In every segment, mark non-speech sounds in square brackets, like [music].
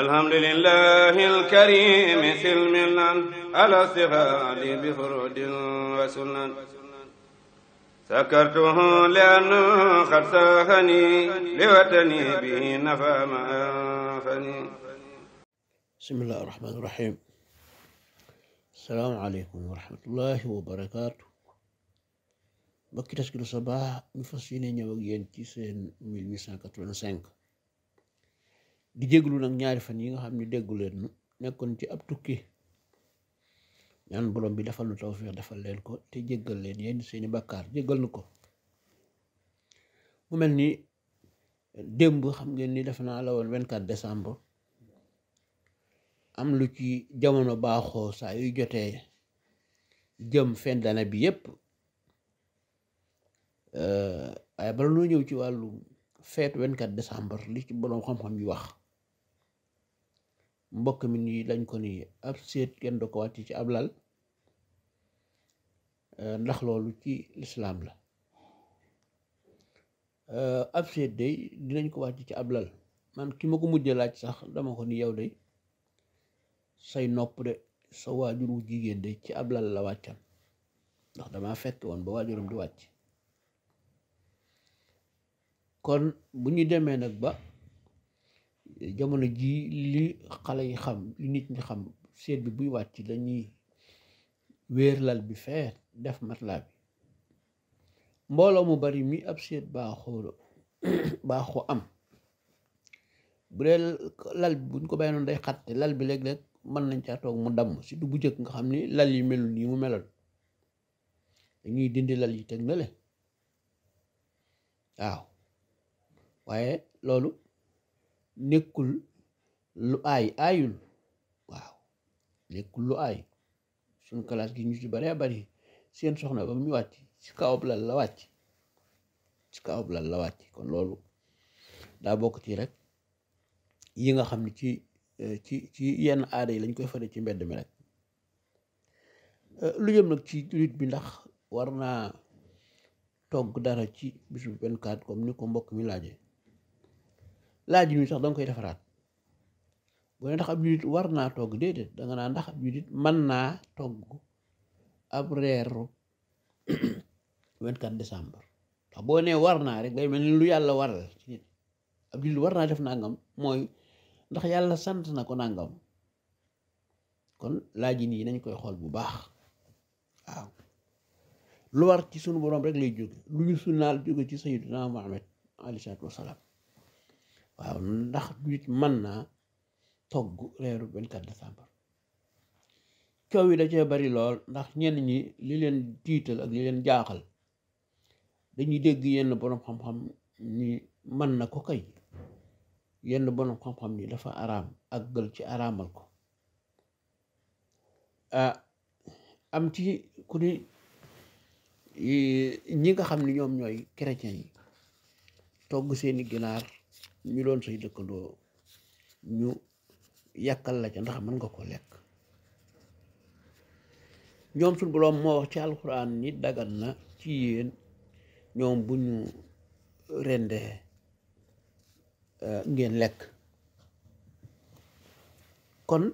alhamdulillahi alkarimi silmilan ala sihadi bi furudin wa sunan sakartuhu liannu qad sahani liwatani bihi nafa ma anfani bismillahi rahmani rahim asalaamu aleykum wa rahmatullahi wa barakaatu mbokki Taskiru Sabah ñu fas yéene ñëw ak yéen ci seen 1885 di jéglu nag ñaari fan yi nga xam ni déggu leen nu nekkoon ci ab tukki ñaan borom bi defal nu tawfeex defal leen ko te jéggal leen yéen seeni bakkaar jéggal nu ko mu mel ni démb xam ngeen ni dafa naa la woon 24 décembre am lu ci jamono baaxoo saa yuy jotee jëm fin d'année bi yépp euh, waaye bala noo ñëw ci wàllu feet 24 décembre li ci borom xam-xam yi wax mbokk mi nii lañ ko nii ab seet kenn du ko wàcc ci ab lal eh, ndax loolu ci lislaam la eh, ab seet day dinañ ko wàcc ci ab lal man ki ma ko mujjee laaj sax dama ko ni yow day say nopp de sa waajur wu jigéen de ci ab lal la wàccan ndax dama fekk woon ba waajuram di wàcc kon bu ñu demee nag ba jamono ji li xale yi xam li nit ñi xam seet bi buy wàcc dañuy wéer lal bi feer def matelas bi mbooloo mu bari mii ab seet baaxoo [coughs] baaxoo am bu dee lal buñ ko bàyyi noonu day xatte lal bi léeg-léeg mën nañ caa toog mu damm surtout bu jëkk nga xam ni lal yi melul nii mu meloon dañuy dindi lal yi teg na le waaw waaye loolu nekkul lu aay aayul waaw nekkul lu aay suñ classe gi ñu ci bare bari seen soxna ba mu ñu wàcc ci kawab lal la wàcc ci kawab lal la wàcc kon loolu daa bokk ci rek yi nga xam ni ci eh, ci ci yenn aada yi lañ koy fare ci mbedd mi rek eh, lu jëm nag ci lutte bi ndax war naa togg dara ci bisu 24 comme ni ko mbokk mi laajee laaj yu ñu sax danga koy defaraat boo ne ndax ab jullit war naa togg déedéet da nga naa ndax ab jullit mën naa togg ab reeru 24 [coughs] décembre ndax boo nee war naa rek day mel ni lu yàlla waral ci nit ab war naa def nangam mooy ndax yàlla sant na ko nangam kon laaj yi nii nañ koy xool bu baax waaw lu war ci sunu borom rek lay jóge lu ñu sunnaal jóge ci sayyidina Muhammad alayhi salaatu wasalaam waaw ndax nit mën naa togg reeru 24 décembre coow yi da cee bari lool ndax ñenn ñi li leen tiital ak li leen jaaxal dañuy dégg yenn borom xam-xam ni mën na ko kay yenn borom xam-xam ni dafa araam ak gël ci araamal ko ah am ci ku ni ñi nga xam ni ñoom ñooy chrétien yi togg seeni ginaar ñu doon say dëkkandoo ñu yàkkal la ca ndax mën nga ko lekk ñoom suñ boroom moo wax ci alxuraan nit daggat na ci yéen ñoom bu ñu rendee euh, ngeen lekk kon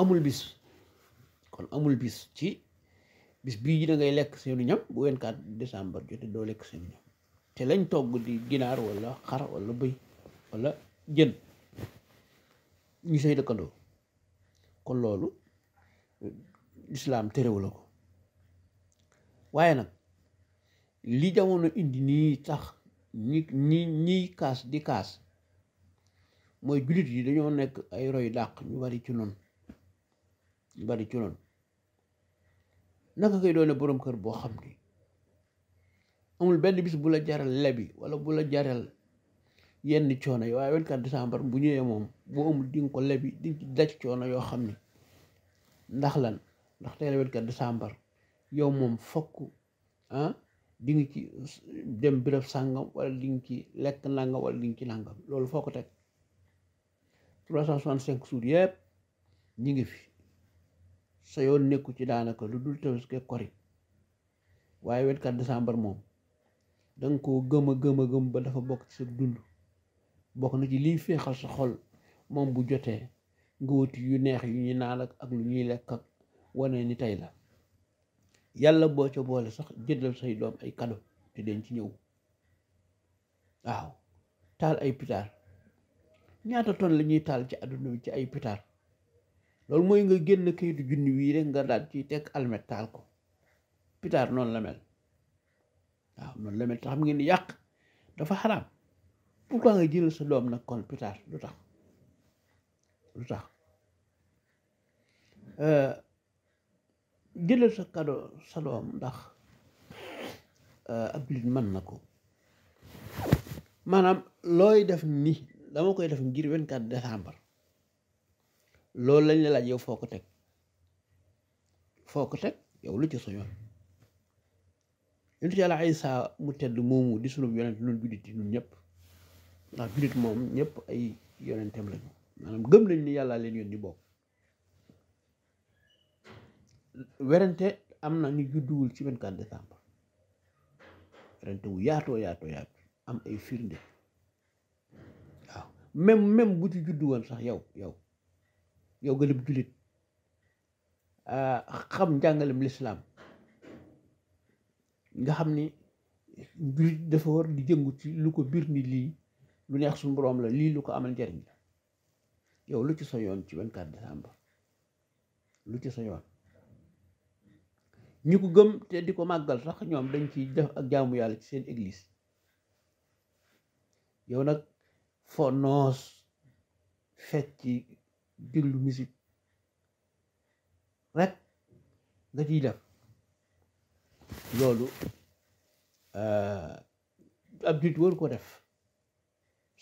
amul bis kon amul bis ci bis bii ji da ngay lekk seenu ñam bu 24 décembre jote doo lekk seenu ñam te lañ togg di ginaar walla xar walla bëy wala jën ñu say dëkkandoo kon loolu lislaam terewu la ko waaye nag li jamono indi nii tax ñi ñi ñiy kaas di kaas mooy jullit yi dañoo nekk ay roy dàq ñu bari ci noonu ñu bari ci noonu naka koy doone boroom kër boo xam ni amul benn bis bu la jaral lebi wala bu la jaral yenn coono yi waaye 24 décembre bu ñëwee moom boo amul di nga ko lebi di nga ci daj coono yoo xam ne ndax lan ndax tey la 24 décembre yow moom fokk ah di nga ci dem béréb sàngam wala di nga ci lekk nangam wala di ci nangam loolu foo ko teg 365 jours yëpp ñi ngi fi sa yoon nekku ci daanaka lu dul tabaski kori waaye 24 décembre moom da nga koo gëm a gëm a gëm ba dafa bokk ci sa dund bokk na ci liy féexal sa xol moom bu jotee nga wuti yu neex yu ñuy naan ak lu ñuy lekk ak wane ni tey la yàlla boo ca boole sax jëndal say doom ay kado te den ci ñëw waaw taal ay pitaar ñaata ton la ñuy taal ci àdduna bi ci ay pitaar loolu mooy nga génn kayitu junni wii rek nga daal ciy teg almet taal ko pitaar noonu la mel waaw noonu la mel te xam ngeen yàq dafa xaraam pourquoi nga jëlal sa doom nag kon plus lu tax lu tax jëlal sa kado sa doom ndax ab lit mën na ko maanaam looy def ni dama koy def ngir 24 décembre loolu lañ la laaj yow foo ko teg foo ko teg yow lu ci sa yoon yonent Yàlla saa mu tedd moomu di sunu yonent ñun jullit yi ñun ñëpp ndax jullit moom ñëpp ay yonenteem lañu maanaam gëm nañ ni yàllaa leen yónni bokk werante am na ñu judduwul ci 24 décembre werante wu yaatoo yaatoo yaatu am ay firnde waaw même même bu ci juddu woon sax yow yow yow gëlëb jullit ah, xam njàngalem lislaam nga xam ni jullit dafa war di jëngu ci lu ko biir ni lii lu neex suñu boroom la lii lu ko amal njariñ la yow lu ci sa yoon ci 24 décembre lu ci sa yoon ñi ko gëm te di ko màggal sax ñoom dañ ci def ak jaamu yàlla ci seen église yow nag fo noos fecc ci déglu musique rek nga ciy def loolu euh, ab jut waru ko def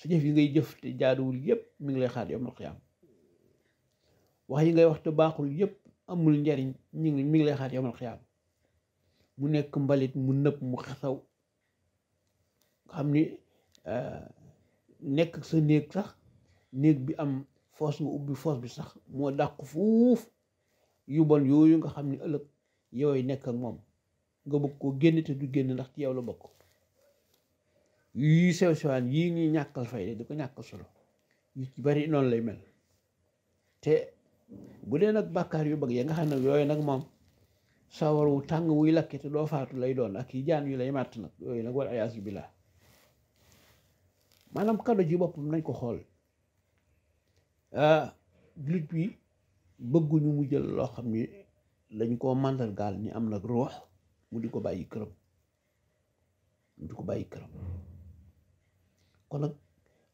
sa jëf yi ngay jëf te jaaduwul yépp mi ngi lay xaar yawmal qiyaam wax yi ngay wax te baaxul yépp amul njariñ ñi ngi mi ngi lay xaar yawmal qiyaam mu nekk mbalit mu nëb mu xasaw xam ni eh, nekk sa néeg sax néeg bi am foos nga ubbi foos bi sax moo dàq fuuf yu bon yooyu nga xam ni ëllëg yooyu nekk ak moom nga bëgg koo génn te du génn ndax ci yow la bokk yu sew sewaan yii ñuy ñàkkal fayda di ko ñàkkal solo yu ci bari noonu lay mel te bu dee nag bàkkaar yu bëgg ya nga xam ne yooyu nag moom sawar wu tàng wuy lakke te doo faatu lay doon ak yi jaan yu lay màtt nag yooyu nag wal ayaasu billaah maanaam kado ji boppam nañ ko xool ah, jullit bi bëgguñu mu jël loo xam ni lañ koo màndargaal ni am nag ruux mu di ko bàyyi këram mu di ko bàyyi këram kon nag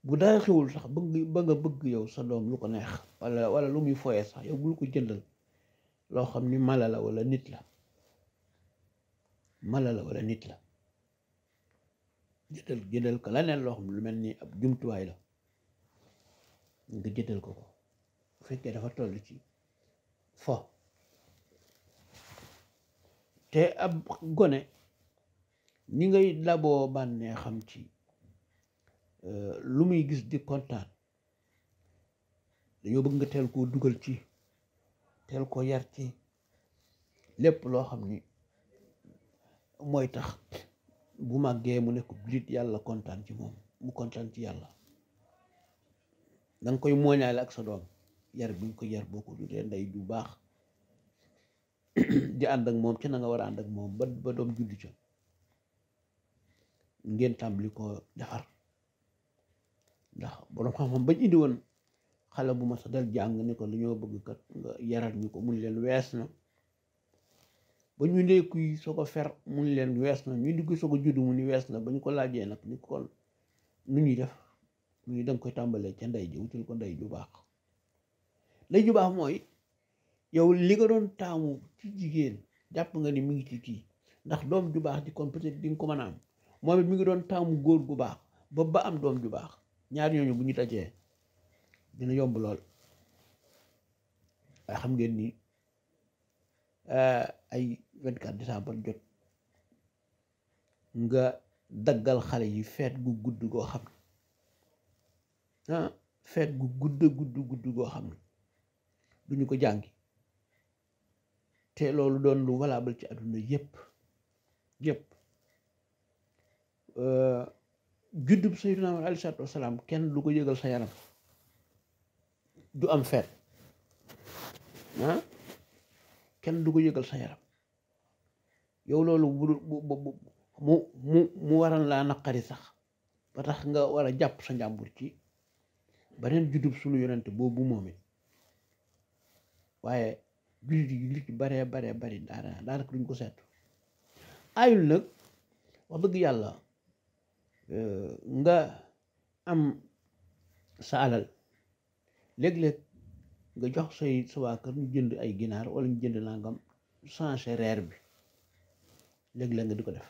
bu dara xewul sax bëgg ba nga bëgg yow sa doom lu ko neex wala wala lu muy foyee sax yow bul ko jëndal loo xam ni mala la walla nit la mala la wala nit la jëndal jëndal ko leneen loo xam lu mel nii ab jumtuwaay la nga jëndal ko ko bu fekkee dafa toll ci fo te ab gone ni ngay laboo bànnee xam ci Euh, lu muy gis di kontaan dañoo bëgg nga teel koo dugal ci teel ko yar ci lépp loo xam ni mooy tax bu màggee mu nekk jullit yàlla kontaan ci moom mu kontaan ci yàlla da koy mooñaale ak sa doom yar bi nga ko yar boo ko juree ndey ju baax di ànd ak moom ci na nga war a ànd ak moom ba ba doom julli ca ngeen tàmbali ko defar ndax borom xam-xam bañ indi woon xale bu ma sa jàng ni ko lu bëgg kat ko mun leen wees na ba ñu ndee kuy fer mun leen wees na ñu di kuy soo ni wees na ba ko laajee nag ni kon nu ñuy def mu ni danga koy tàmbalee ca ndey ji ko ndey ju baax ndey ju mooy yow li nga doon taamu ci jigéen jàpp nga ni mi ngi ci kii ndax doom ju baax di kon peut-être di nga ko mën a am moom it mi ngi doon taamu góor gu baax ba ba am doom ju baax ñaar ñooñu bu ñu dajee dina yomb lool waaye xam ngeen ni eh, ay 24 décembre jot nga daggal xale yi feet gu gudd goo xam ne ah, feet gu gudd gudd goo xam ne duñu ko jàngi te loolu doon lu valable ci àdduna yépp yépp eh, juddub sayyidina alayhi salaatu wasalaam kenn du ko yëgal sa yaram du am fet ah? kenn du ko yëgal sa yaram yow loolu bu mu mu mu waral laa naqari sax ba tax nga war a jàpp sa njàmbur ci beneen juddub sunu yonent boobu moom it waaye jullit yi li ci baree baree bari daanaka duñ ko seet ayul nag wax dëgg yàlla. nga am sa alal léeg-léeg nga jox say sa waa kër ñu jënd ay ginaar wala ñu jënd nangam changé reer bi léeg-léeg nga di ko def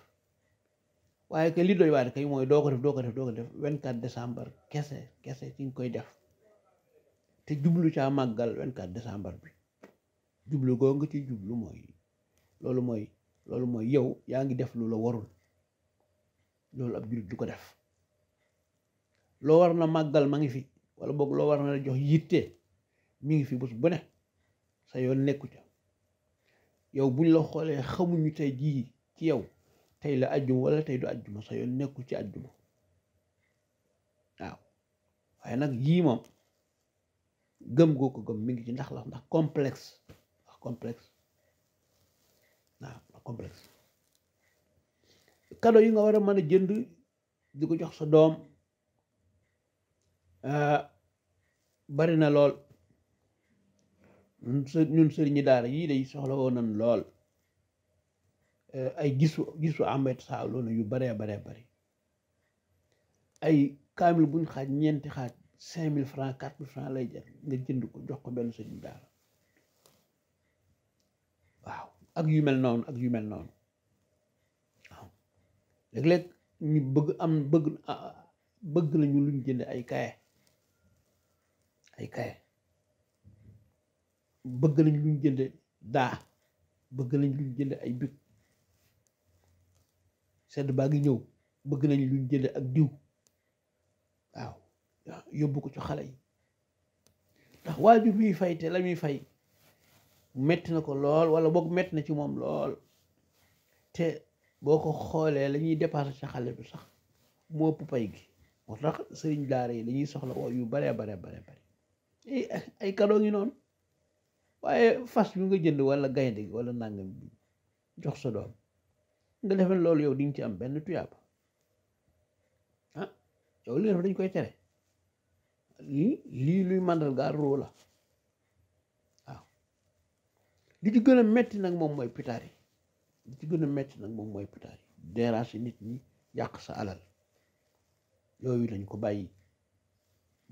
waaye que li doy waar kay mooy doo ko def doo ko def doo ko def 24 décembre kese kese ci nga koy def te jublu caa màggal 24 décembre bi jublu goo nga ci jublu mooy loolu mooy loolu mooy yow yaa ngi def lu la warul loolu ab jullit du ko def loo war na màggal ma ngi fi wala boog loo war na jox yitte mi ngi fi bés bu ne sa yoon nekku ca yow buñ la xoolee xamuñu tey jii ci yow tey la ajjuma wala tey du ajjuma sa yoon nekku ci ajjuma waaw waaye nag yii moom gëm goo ko gëm mi ngi ci ndax la ndax complexe ndax complex waaw ndax complexe kado yi nga war a mën a jënd di ko jox sa doom ah, bari na lool ñun sëriñi daara yii day soxla woon nañ lool eh, ay gisu gisu amet saa loolu yu baree baree bari ay kaamil buñ xaaj ñeenti xaaj cinq mille franc quatre mille lay jar nga jënd ko jox ko benn sëriñ daara waaw ak yu mel noonu ak yu mel noonu léeg-léeg ñu bëgg am bëgg bëgg nañu luñ jënd ay kaye ay kaye bëgg nañ luñ jënd daa bëgg nañ luñ jënd ay big sedd baa ngi ñëw bëgg nañ luñ jënd ak diw waaw yóbbu ko ci xale yi ndax waajur muy fay te la muy fay metti na ko lool wala boog metti na ci moom lool te boo ko xoolee la ñuy dépensé ci xale bi sax moo ëpp pay gi moo tax sëriñ daara yi dañuy soxla woo yu bare bare bare bare eh, ay kadoo ngi noonu waaye fas yu nga jënd wala gaynde gi wala nangam jox sa doom nga defee loolu yow di nga ci am benn tuyaab ah yow li nga dañ koy tere lii lii luy màndargaal roo la waaw li ci gën a metti nag moom mooy pitaar yi li ci gën a metti nag moom mooy putaar yi déranger nit ñi yàq sa alal yooyu lañ ko bàyyi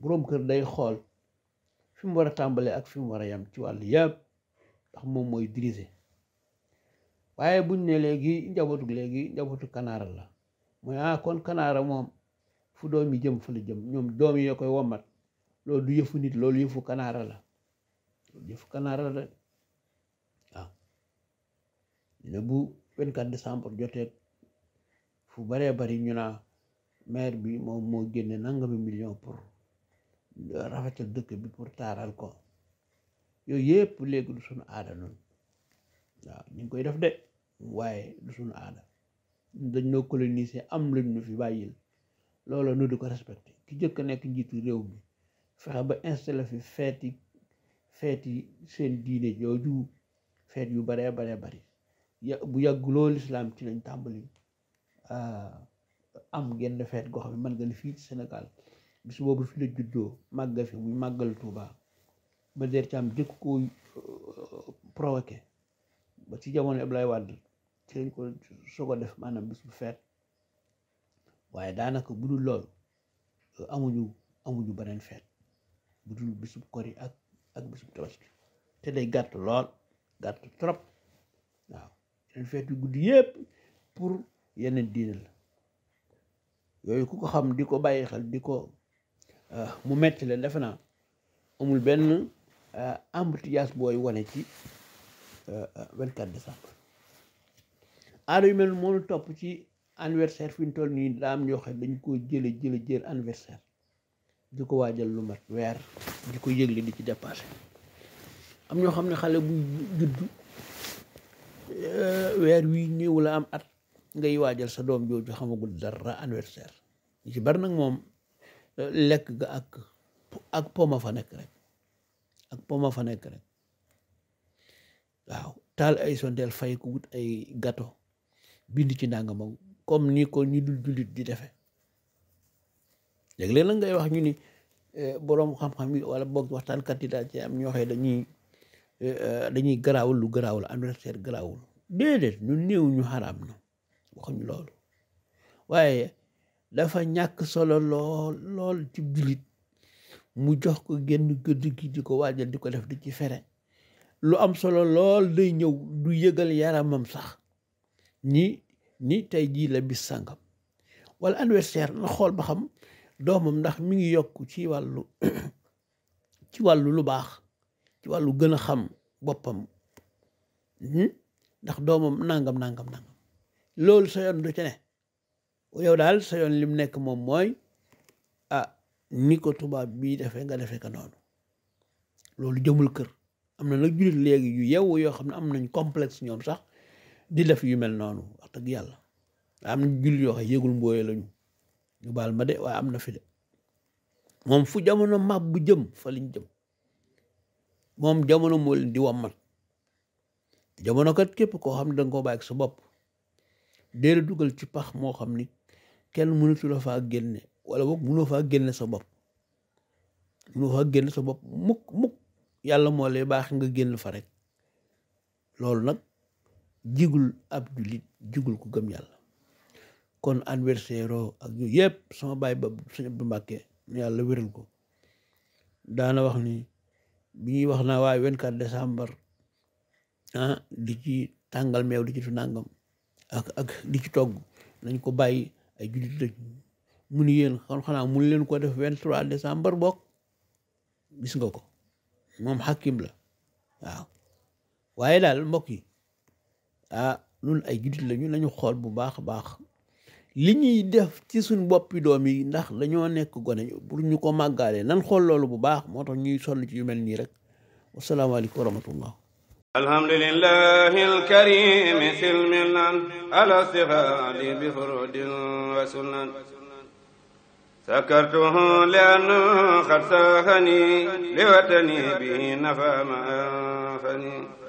boroom kër day xool fi mu war a tàmbalee ak fi war a yam ci wàll yëpp ndax moom mooy diriger waaye buñ ne léegi njabootu léegi njabootu kanaara la mooy ah kon kanaara moom fu doom yi jëm fa la jëm ñoom doom yee koy womat loolu du yëfu nit loolu yëfu kanaara la loolu yëfu kanaara la ne bu 24 décembre jotee fu baree bari ñu naa maire bi moom moo génne nangami million pour rafetal dëkk bi pour taaral ko yooyu yëpp léegi du suñu aada noonu waaw ñu ngi koy def de waaye du suñu aada dañ noo coloniser am luñ ñu fi bàyyil loola nu di ko respecté ki jëkk nekk njiitu réew mi fexe ba installé fi feeti feeti seen diine jooju feet yu baree baree bari bu yàgg lool lislaam ci lañ tàmbali ah, am genn feet goo xam ne mën nga li fii ci Sénégal bis boobu fi la juddoo màgga fi muy màggal Tuuba ba der ci am jëkk ko uh, provoqué ba ci jamono Abdoulaye Wade ci lañ ko soog def maanaam bis bu fet waaye daanaka bu lool loolu amuñu amuñu beneen feet bu dul bisub kori ak ak bisub tabaski te day gàtt lool gàtt trop feet yu guddi yépp pour yeneen diine la yooyu ku ko xam di ko bàyyi xel di ko ah, mu metti leen defe naa amul benn ah, embouteillage booy wane ci 24 ah, décembre aada yu mel moonu topp ci anniversaire fi ñu toll nii daam ñoo xam dañ ko jële jële jël anniversaire di ko waajal lu mat weer di ko yëgle di ci dépassé am ñoo xam ne xale bu juddu eh, weer wi néew la am at ngay waajal sa doom jooju xamagul dara anniversaire ñu ci bari nag moom euh, lekk ga ak ak poma fa nekk rek ak poma fa nekk rek waaw taal ay sondeel fay ko wut ay gâteau bind ci ndàngam ak comme ni ko ñu dul jullit di defe léeg-léeg nag ngay wax ñu ni euh, boroom xam-xam yi wala boog waxtaankat yi daal ci am ñoo xëy dañuy euh, dañuy garaawul lu garaawul anniversaire garaawul déedéet ñu néew ñu xaraam na waxuñ loolu waaye dafa ñàkk solo lool lool ci jullit mu jox ko genn gëdd gi di ko waajal di ko def di ci fere lu am solo lool day ñëw du yëgal yaramam sax ni ni tey jii la bis sàngam wala anniversaire na xool ba xam doomam ndax mi ngi yokk ci wàllu [coughs] ci wàllu lu baax ci wàllu gën a xam boppam hmm? ndax doomam nangam nangam nangam loolu sa yoon du ci ne yow daal sa yoon lim nekk moom mooy ah ni ko tubaab bii defee nga defee ko noonu loolu jëmul kër am na nag jullit léegi yu yew yoo xam ne am nañ complexe ñoom sax di def yu mel noonu wax yàlla am na jullit yoo xam yëgul mbooye lañu ñu baal ma de waaye am na fi de moom fu jamono mab bu jëm fa liñ jëm moom jamono moo leen di wammat jamono kat képp koo xam ne danga koo bàyyi ak sa bopp dee la dugal ci pax moo xam ni kenn mënatu la faa génne wala boog mënoo faa génne sa bopp mënoo sa bopp mukk mukk yàlla moo lay baax nga génn fa rek loolu nag jigul ab jullit jigul ku gëm yàlla kon adversaire ak yëpp sama baay ba sëñ Abdou Mbàkke yàlla wéral ko daana wax ni bi ñuy wax naa waaye 24 décembre ah di ci tàngal meew di ci nangam ak ci togg nañ ko bàyyi ay jullit lañ mu ni yéen kon xanaa mun leen ko def vingt trois décembre bokk gis nga ko moom xakim la waaw waaye daal mbokk yi ah nun ay jullit lañu nañu xool bu baax baax li ñuy def ci suñ boppi doom yi ndax dañoo nekk gone pour ñu ko màggaale nan xool loolu bu baax moo tax ñuy sonn ci yu mel nii rek wasalaamaaleykum wa rahmatullah الحمد لله الكريم سلمنا على استغال بفرود وسنن سكرته لأنه قد ساهني لوطني به نفى ما أنفني